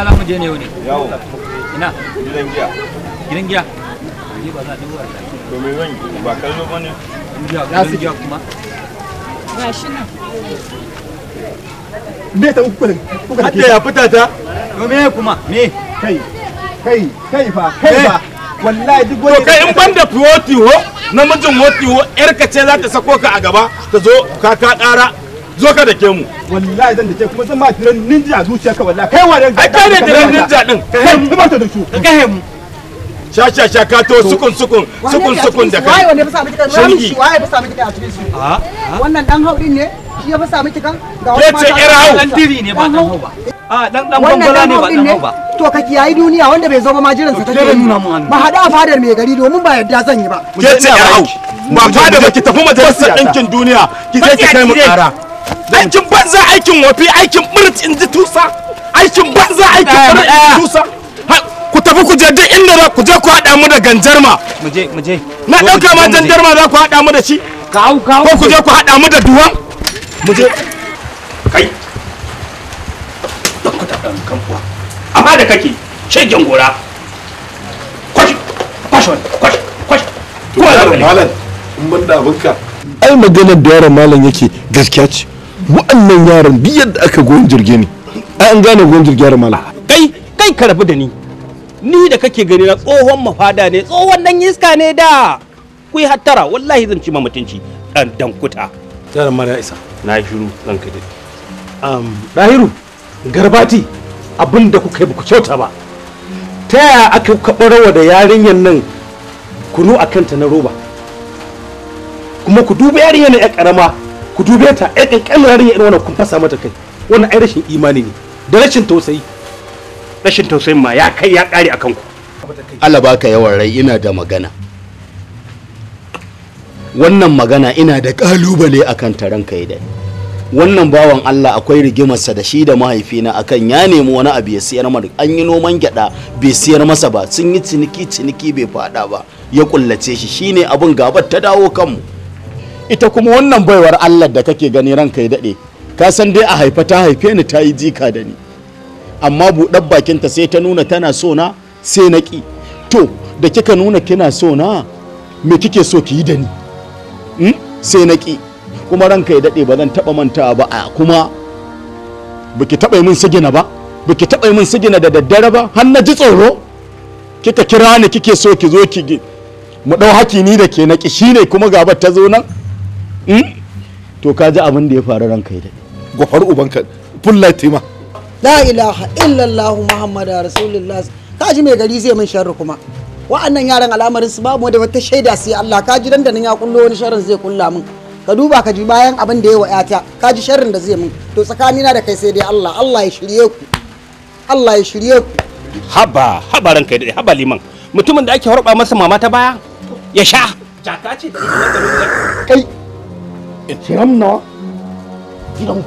ina za mu je ne yau ne yawo ina gidan giya gidan giya ni ba za a duba to me zan yi ba kallo ba ne giya gidan giya kuma ga shi nan me ta uku kuka ta ya fita ta to me kuma me kai kai kai fa kai fa wallahi duk wani kai in banda fiwoti ho namijin woti ho yarka ce za ta sako ka a gaba ta zo ka ka kara zo ka dake mu wallahi zan dake kuma zan ma tiran ninja zuciya ka wallahi kai wannan ai kai ne tiran ninja din kai ba ta da su ka kai sha sha sha ka to sukun sukun sukun sukun da kai wai ba miki wai ba miki a cikin su a ah, ah. wannan dan ne shi ya ba miki kan ga wani ce ne ba dan hau a dan dan bangala ne ba dan hau ba ka kiyayi duniya wanda bai zo ba sa take yi ba hada a fadar mai gari domin ba yadda zan yi ba ke ce ba ki tafi majalisar duniya ki ki kai aikin banza aikin wafi aikin birti in ji tusa aikin banza aikin birti in tusa ku tafi ku je duk inda za ku je ku haɗa mu da ganjarma mu je mu je na ɗauka ma ganjarma za ku haɗa mu da shi ka ko ku je ku haɗa mu da duwan mu je kai ku kan kuwa amma da kake kwashi kwashi kwashi kwashi kuma da malam in ban da abinka ai maganar da yaron malam yake gaskiya ce wa'annan yaran bi yadda aka goyin jirge ne ai an gane goyin jirge yaran kai kai ka rabu da ni ni da kake gani na tsohon mafada ne tsohon nan iska ne da ku yi hattara wallahi zan ci ma mutunci dan dankuta yaran mara isa na shiru zan kai da um dahiru garbati abin da kuka yi ku kyauta ba ta yaya aka rawa da yarinyar nan kunu a kanta na roba kuma ku duba yarinyan na ƙarama ku dube ta ai kankan yarinya irin wannan kun fasa mata kai wannan ai rashin imani ne da rashin tausayi rashin tausayin ma ya kai ya kare akan ku Allah baka yawan rai ina da magana wannan magana ina da kalubale akan taron kai da wannan bawan Allah akwai rigimarsa da shi da mahaifina akan ya nemi wani abu ya siyar mana an yi noman gyada bai siyar masa ba sun yi ciniki ciniki bai fada ba ya kullace shi shine abin gabar ta dawo kanmu ita kuma wannan baiwar allah da kake gani ranka ya daɗe ka san dai a haifa ta haife ni ta yi jika da ni amma buɗar bakinta sai ta nuna tana so na sai na to da kika nuna kina so na me kike so ki yi da ni hmm? sai na kuma ranka ya daɗe ba zan taɓa mantawa ba a kuma baki taɓa min sigina ba baki taɓa min sigina da daddare ba har na ji tsoro kika kira ni kike so ki zo ki mu ɗau haki ni da ke na shine kuma gaba ta zo nan Hmm? to ka ji abin da ya faru ranka ya daɗe gwafar ubanka fulla tima la ilaha illallah muhammadu rasulullah ka ji mai gari zai min sharri kuma wa'annan yaran al'amarin su babu da wata shaida sai Allah ka ji nan ya kullo wani sharrin zai kulla min ka duba ka ji bayan abin da ya wa'ata ka ji sharrin da zai min to tsakanina da kai sai dai Allah Allah ya shirye ku Allah ya shirye ku haba haba ranka ya daɗe haba liman mutumin da ake harba masa mama ta baya ya sha jaka ce da kai kiram gidanku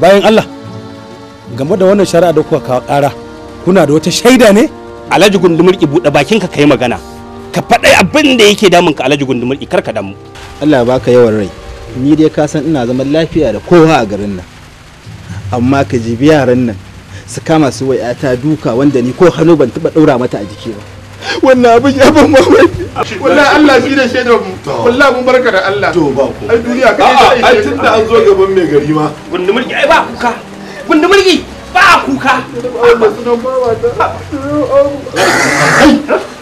bayan Allah game da wannan shari'a da kuka kawo ƙara kuna da wata shaida ne alhaji gundumurki buɗe bakin ka kai magana ka faɗa abin da yake damun ka alhaji gundumurki kar ka damu Allah ya baka yawan rai ni dai ka san ina zaman lafiya da kowa a garin nan amma ka jibi yaran nan su kama su wai ta duka wanda ni ko hannu ban taɓa ɗaura mata a jiki ba wannan abin ya ban mamaki wallahi Allah shi da shaidar mu wallahi mun barka da Allah to ba ko ai duniya kai da ai tunda an zo gaban mai gari ma gundu mulki ai ba kuka gundu mulki ba kuka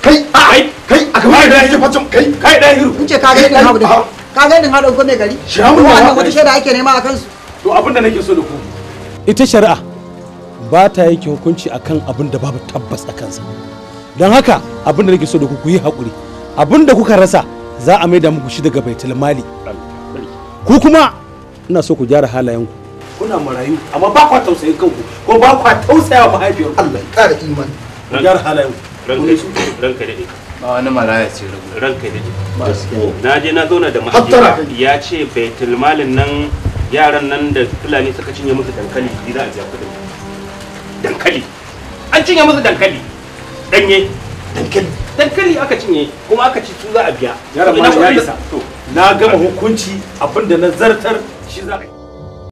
kai kai kai a gaban da yake facin kai kai da hiru kuce ka ga din hawo ka ga din hawo ko mai gari shi wannan wata shaida ake nema akan su to abin da nake so da ku ita shari'a ba ta yake hukunci akan abin da babu tabbas a kansa don haka abin da nake so da ku ku yi haƙuri abin da kuka rasa za a maida muku shi daga baitul mali ku kuma ina so ku gyara halayen ku kuna marayu amma ba kwa tausayin kanku ko ba kwa tausaya mahaifiyar Allah kare imani ku gyara halayen ku ranka da ba wani maraya ce ranka da na je na zauna da mahaifiyar ya ce baitul malin nan yaran nan da fulani suka cinye musu dankali ni za a biya kuɗin dankali an cinye musu dankali danye dankali dankali aka cinye kuma aka ci su za a biya na gama hukunci abinda na zartar shi za a